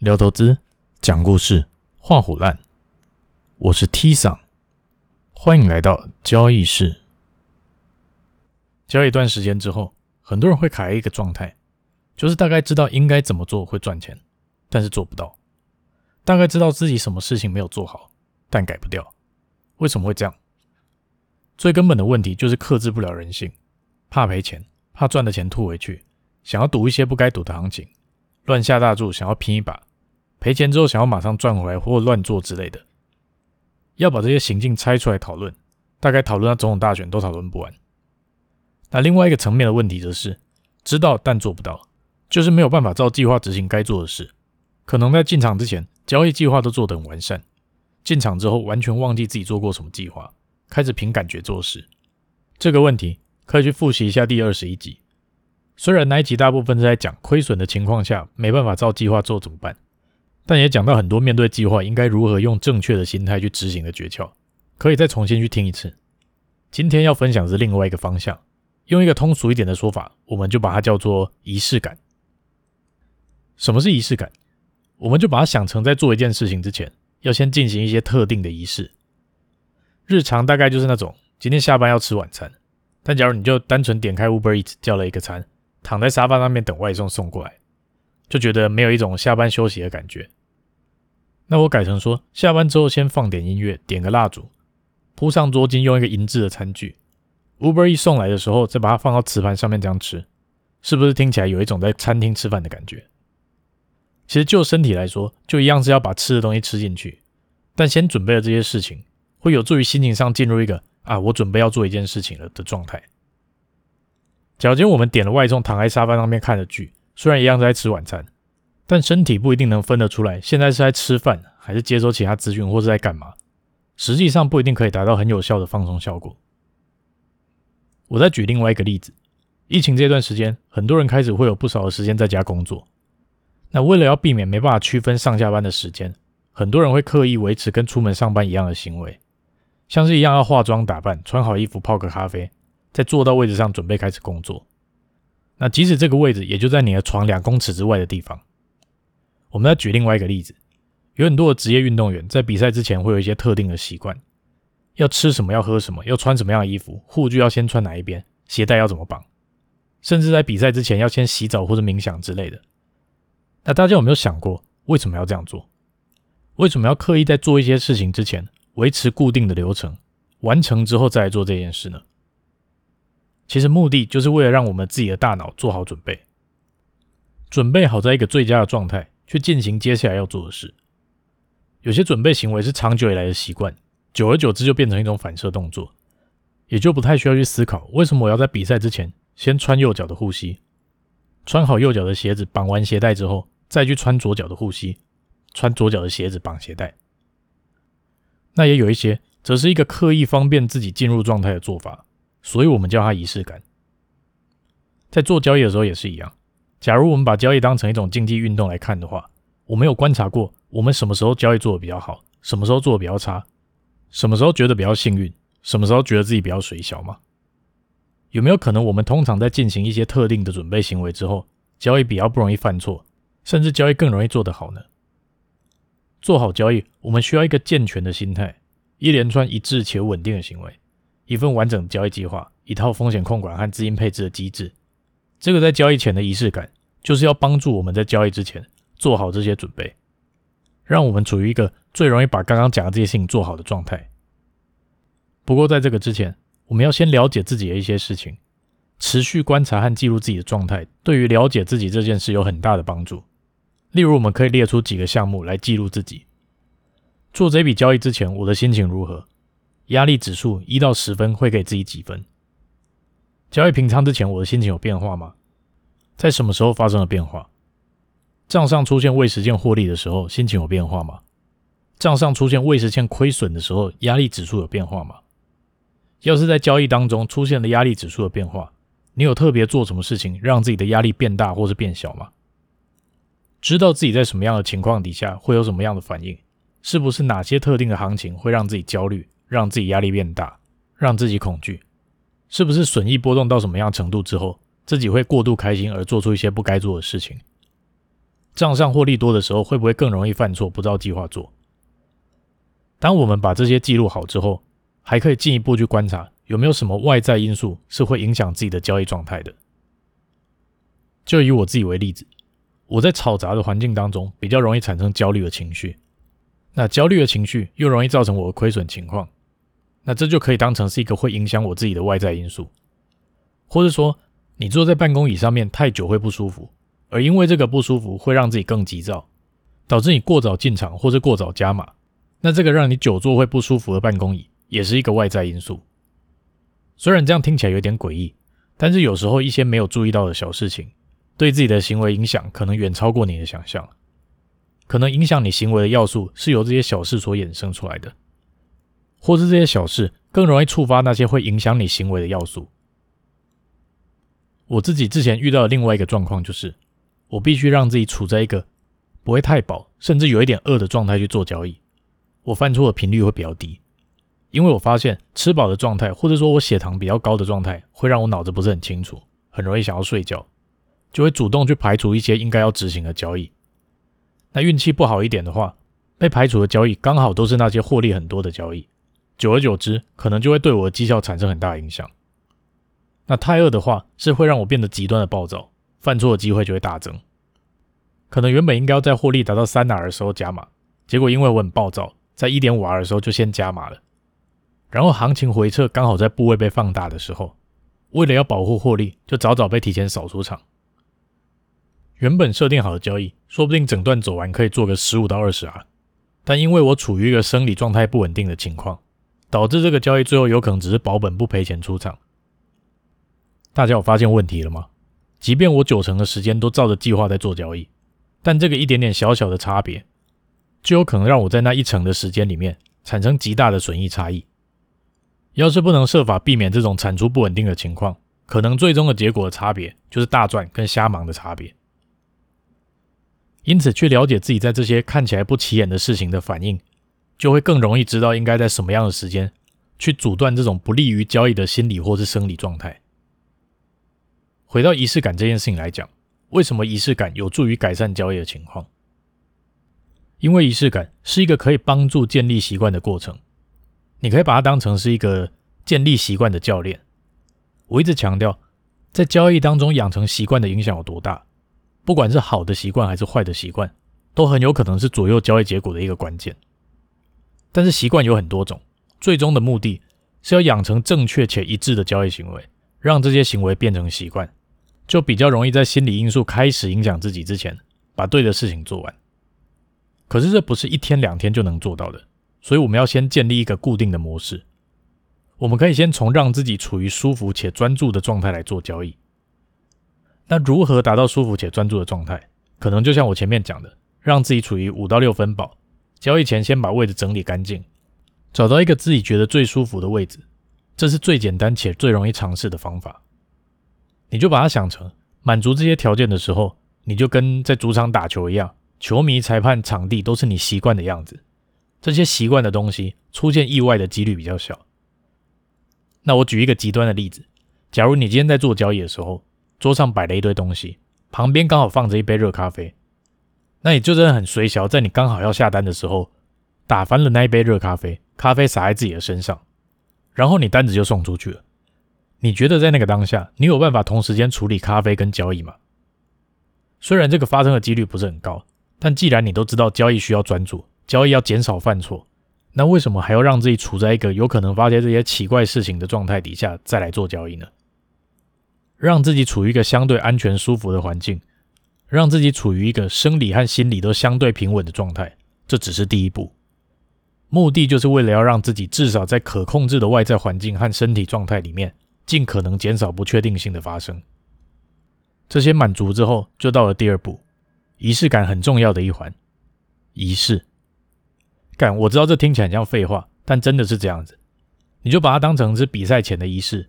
聊投資，講故事，話虎爛。我是 T 桑，歡迎來到交易室。交易一段時間之後，很多人會卡一個狀態，就是大概知道應該怎麼做會賺錢，但是做不到；大概知道自己什麼事情沒有做好，但改不掉。為什麼會這樣？最根本的問題就是克制不了人性，怕賠錢，怕賺的錢吐回去，想要賭一些不該賭的行情，亂下大注，想要拼一把。賠錢之後想要馬上賺回來，或亂做之類的，要把這些行徑拆出來討論，大概討論到總統大選都討論不完。那另外一個層面的問題則是，知道但做不到，就是沒有辦法照計劃執行該做的事。可能在進場之前，交易計劃都做得很完善，進場之後完全忘記自己做過什麼計劃，開始憑感覺做事。這個問題可以去復習一下第二十一集，雖然那一集大部分是在講虧損的情況下沒辦法照計劃做怎麼辦。但也講到很多面對計劃應該如何用正確的心態去執行的訣竅，可以再重新去聽一次。今天要分享的是另外一個方向，用一個通俗一點的說法，我們就把它叫做儀式感。什麼是儀式感？我們就把它想成在做一件事情之前，要先進行一些特定的儀式。日常大概就是那種今天下班要吃晚餐，但假如你就單純點開 Uber Eats 叫了一個餐，躺在沙發上面等外送送過來，就覺得沒有一種下班休息的感覺。那我改成說，下班之後先放點音樂，點個蠟燭，鋪上桌巾，用一個銀質的餐具。Uber 一送來的時候，再把它放到瓷盤上面這樣吃，是不是聽起來有一種在餐廳吃飯的感覺？其實就身體來說，就一樣是要把吃的東西吃進去，但先準備了這些事情，會有助於心情上進入一個啊，我準備要做一件事情了的狀態。假如今天我們點了外送，躺在沙發上面看着劇，雖然一樣在吃晚餐。但身體不一定能分得出來，現在是在吃飯，還是接收其他資訊，或是在幹嘛？實際上不一定可以達到很有效的放鬆效果。我再舉另外一個例子：疫情這段時間，很多人開始會有不少的時間在家工作。那為了要避免沒辦法區分上下班的時間，很多人會刻意維持跟出門上班一樣的行為，像是一樣要化妝打扮，穿好衣服，泡個咖啡，再坐到位置上準備開始工作。那即使這個位置也就在你的床兩公尺之外的地方。我們再舉另外一個例子，有很多的職業運動員在比賽之前會有一些特定的習慣，要吃什麼，要喝什麼，要穿什麼樣的衣服，護具要先穿哪一邊，鞋帶要怎麼綁，甚至在比賽之前要先洗澡或者冥想之類的。那大家有沒有想過，為什麼要這樣做？為什麼要刻意在做一些事情之前維持固定的流程，完成之後再來做這件事呢？其實目的就是為了讓我們自己的大腦做好準備，準備好在一個最佳的狀態。去進行接下來要做的事。有些準備行為是長久以來的習慣，久而久之就變成一種反射動作，也就不太需要去思考為什麼我要在比賽之前先穿右腳的護膝，穿好右腳的鞋子，綁完鞋帶之後再去穿左腳的護膝，穿左腳的鞋子綁鞋帶。那也有一些，則是一個刻意方便自己進入狀態的做法，所以我們叫它儀式感。在做交易的時候也是一樣。假如我們把交易當成一種競技運動來看的話，我們有觀察過我們什麼時候交易做的比較好，什麼時候做的比較差，什麼時候覺得比較幸運，什麼時候覺得自己比較衰小嗎？有沒有可能我們通常在進行一些特定的準備行為之後，交易比較不容易犯錯，甚至交易更容易做得好呢？做好交易，我們需要一個健全的心態，一連串一致且穩定的行為，一份完整的交易計劃，一套風險控管和資金配置的機制。這個在交易前的儀式感，就是要幫助我們在交易之前做好這些準備，讓我們處於一個最容易把剛剛講的這些事情做好的狀態。不過，在這個之前，我們要先了解自己的一些事情，持續觀察和記錄自己的狀態，對於了解自己這件事有很大的幫助。例如，我們可以列出幾個項目來記錄自己。做這筆交易之前，我的心情如何？壓力指數一到十分，會給自己幾分？交易平倉之前，我的心情有變化嗎？在什麼時候發生了變化？賬上出現未實現獲利的時候，心情有變化嗎？賬上出現未實現虧損的時候，壓力指數有變化嗎？要是在交易當中出現了壓力指數的變化，你有特別做什麼事情讓自己的壓力變大，或是變小嗎？知道自己在什麼樣的情況底下會有什麼樣的反應？是不是哪些特定的行情會讓自己焦慮，讓自己壓力變大，讓自己恐懼？是不是損益波動到什麼樣程度之後，自己會過度開心而做出一些不該做的事情？賬上獲利多的時候，會不會更容易犯錯，不照計劃做？當我們把這些記錄好之後，還可以進一步去觀察有沒有什麼外在因素是會影響自己的交易狀態的。就以我自己為例子，我在嘈雜的環境當中比較容易產生焦慮的情緒，那焦慮的情緒又容易造成我的虧損情況。那這就可以當成是一個會影響我自己的外在因素，或是說你坐在辦公椅上面太久會不舒服，而因為這個不舒服會讓自己更急躁，導致你過早進場或是過早加碼。那這個讓你久坐會不舒服的辦公椅也是一個外在因素。雖然這樣聽起來有點詭異，但是有時候一些沒有注意到的小事情，對自己的行為影響可能遠超過你的想象，可能影響你行為的要素是由這些小事所衍生出來的。或是這些小事更容易觸發那些會影響你行為的要素。我自己之前遇到的另外一個狀況就是，我必須讓自己處在一個不會太飽，甚至有一點餓的狀態去做交易，我犯錯的頻率會比較低。因為我發現吃飽的狀態，或者說我血糖比較高的狀態，會讓我腦子不是很清楚，很容易想要睡覺，就會主動去排除一些應該要執行的交易。那運氣不好一點的話，被排除的交易剛好都是那些獲利很多的交易。久而久之，可能就會對我的績效產生很大影響。那太餓的話，是會讓我變得極端的暴躁，犯錯的機會就會大增。可能原本應該要在獲利達到三 R 的時候加碼，結果因為我很暴躁，在一點五 R 的時候就先加碼了。然後行情回撤剛好在部位被放大的時候，為了要保護獲利，就早早被提前掃出場。原本設定好的交易，說不定整段走完可以做個十五到二十 R，但因為我處於一個生理狀態不穩定的情況。導致這個交易最後有可能只是保本不賠錢出場。大家有發現問題了嗎？即便我九成的時間都照着計劃在做交易，但這個一點點小小的差別，就有可能讓我在那一成的時間裡面產生極大的損益差異。要是不能設法避免這種產出不穩定的情況，可能最終的結果的差別就是大賺跟瞎忙的差別。因此，去了解自己在這些看起來不起眼的事情的反應。就會更容易知道應該在什麼樣的時間去阻斷這種不利於交易的心理或是生理狀態。回到儀式感這件事情來講，為什麼儀式感有助於改善交易的情況？因為儀式感是一個可以幫助建立習慣的過程，你可以把它當成是一個建立習慣的教練。我一直強調，在交易當中養成習慣的影響有多大，不管是好的習慣還是壞的習慣，都很有可能是左右交易結果的一個關鍵。但是習慣有很多種，最終的目的是要養成正確且一致的交易行為，讓這些行為變成習慣，就比較容易在心理因素開始影響自己之前，把對的事情做完。可是這不是一天兩天就能做到的，所以我們要先建立一個固定的模式。我們可以先從讓自己處於舒服且專注的狀態來做交易。那如何達到舒服且專注的狀態？可能就像我前面講的，讓自己處於五到六分飽。交易前先把位置整理乾淨，找到一個自己覺得最舒服的位置，這是最簡單且最容易嘗試的方法。你就把它想成滿足這些條件的時候，你就跟在主場打球一樣，球迷、裁判、場地都是你習慣的樣子。這些習慣的東西出現意外的幾率比較小。那我舉一個極端的例子，假如你今天在做交易的時候，桌上擺了一堆東西，旁邊剛好放着一杯熱咖啡。那你就真的很衰小，在你剛好要下單的時候，打翻了那一杯熱咖啡，咖啡灑在自己的身上，然後你單子就送出去了。你覺得在那個當下，你有辦法同時間處理咖啡跟交易嗎？雖然這個發生的幾率不是很高，但既然你都知道交易需要專注，交易要減少犯錯，那為什麼還要讓自己處在一個有可能發生這些奇怪事情的狀態底下再來做交易呢？讓自己處於一個相對安全、舒服的環境。讓自己處於一個生理和心理都相對平穩的狀態，這只是第一步，目的就是為了要讓自己至少在可控制的外在環境和身體狀態裡面，儘可能減少不確定性的發生。這些滿足之後，就到了第二步，儀式感很重要的一環，儀式感。我知道這聽起來很像廢話，但真的是這樣子，你就把它當成是比賽前的儀式。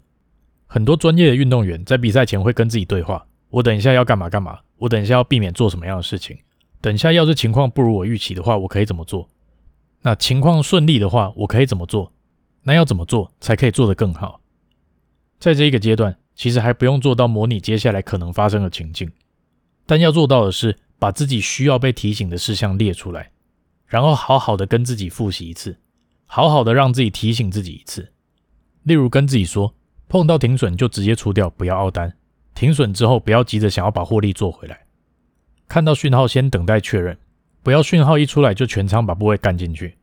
很多專業的運動員在比賽前會跟自己對話：“我等一下要幹嘛幹嘛。”我等一下要避免做什麼樣的事情？等一下要是情況不如我預期的話，我可以怎麼做？那情況順利的話，我可以怎麼做？那要怎麼做才可以做得更好？在這個一階段，其實還不用做到模擬接下來可能發生的情境，但要做到的是把自己需要被提醒的事項列出來，然後好好的跟自己復習一次，好好的讓自己提醒自己一次。例如跟自己說，碰到停損就直接出掉，不要凹單。停損之後，不要急着想要把獲利做回來。看到訊號，先等待確認，不要訊號一出來就全倉把部位幹進去。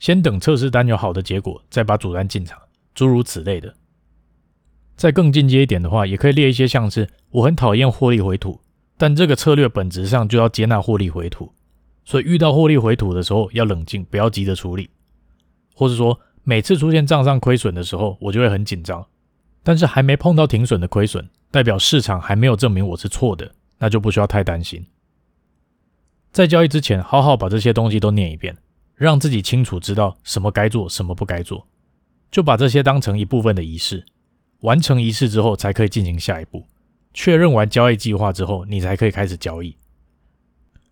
先等測試單有好的結果，再把主單進場，諸如此類的。再更進階一點的話，也可以列一些像是：我很討厭獲利回吐，但這個策略本質上就要接納獲利回吐，所以遇到獲利回吐的時候要冷靜，不要急着處理。或是說，每次出現賬上虧損的時候，我就會很緊張，但是還沒碰到停損的虧損。代表市場還沒有證明我是錯的，那就不需要太擔心。在交易之前，好好把這些東西都念一遍，讓自己清楚知道什麼該做，什麼不該做。就把這些當成一部分的儀式，完成儀式之後才可以進行下一步。確認完交易計劃之後，你才可以開始交易。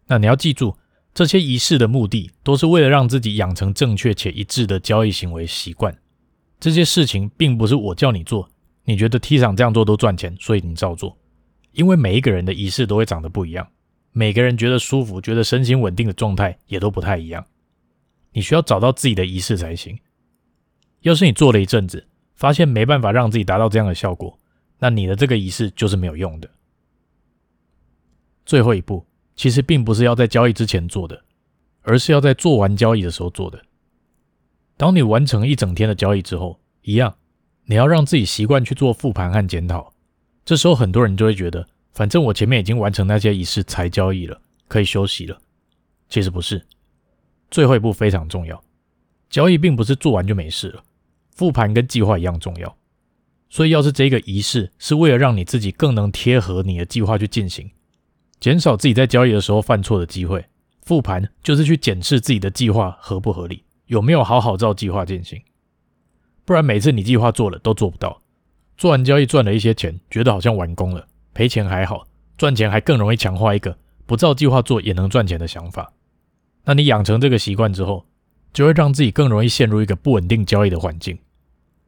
那你要記住，這些儀式的目的都是為了讓自己養成正確且一致的交易行為習慣。這些事情並不是我叫你做，你覺得 T 場這樣做都賺錢，所以你照做。因為每一個人的儀式都會長得不一樣，每個人覺得舒服、覺得身心穩定的狀態也都不太一樣。你需要找到自己的儀式才行。要是你做了一陣子，發現沒辦法讓自己達到這樣的效果，那你的這個儀式就是沒有用的。最後一步其實並不是要在交易之前做的，而是要在做完交易的時候做的。當你完成一整天的交易之後，一樣。你要讓自己習慣去做復盤和檢討，這時候很多人就會覺得，反正我前面已經完成那些儀式才交易了，可以休息了。其實不是，最後一步非常重要，交易並不是做完就沒事了，復盤跟計劃一樣重要。所以要是這個儀式是為了讓你自己更能貼合你的計劃去進行，減少自己在交易的時候犯錯的機會，復盤就是去檢視自己的計劃合不合理，有沒有好好照計劃進行。不然每次你計劃做了都做不到，做完交易賺了一些錢，覺得好像完工了，賠錢還好，賺錢還更容易強化一個不照計劃做也能賺錢的想法。那你養成這個習慣之後，就會讓自己更容易陷入一個不穩定交易的環境。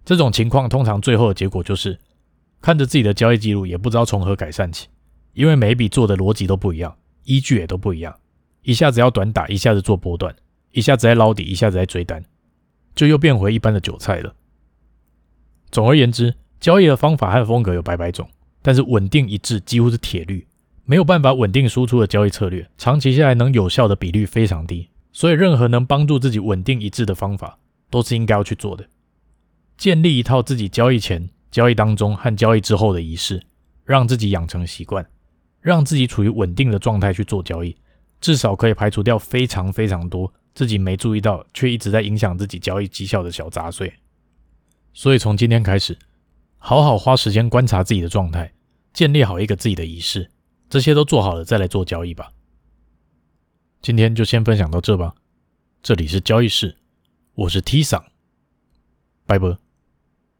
這種情況通常最後的結果就是看着自己的交易記錄也不知道從何改善起，因為每一筆做的邏輯都不一樣，依據也都不一樣，一下子要短打，一下子做波段，一下子在撈底，一下子在追單，就又變回一般的韭菜了。總而言之，交易的方法和風格有百百種，但是穩定一致幾乎是鐵律。沒有辦法穩定輸出的交易策略，長期下來能有效的比率非常低。所以，任何能幫助自己穩定一致的方法，都是應該要去做的。建立一套自己交易前、交易當中和交易之後的儀式，讓自己養成習慣，讓自己處於穩定的狀態去做交易，至少可以排除掉非常非常多自己沒注意到卻一直在影響自己交易績效的小雜碎。所以從今天開始，好好花時間觀察自己的狀態，建立好一個自己的儀式，這些都做好了再來做交易吧。今天就先分享到這吧。這裡是交易事，我是 T 桑，拜拜。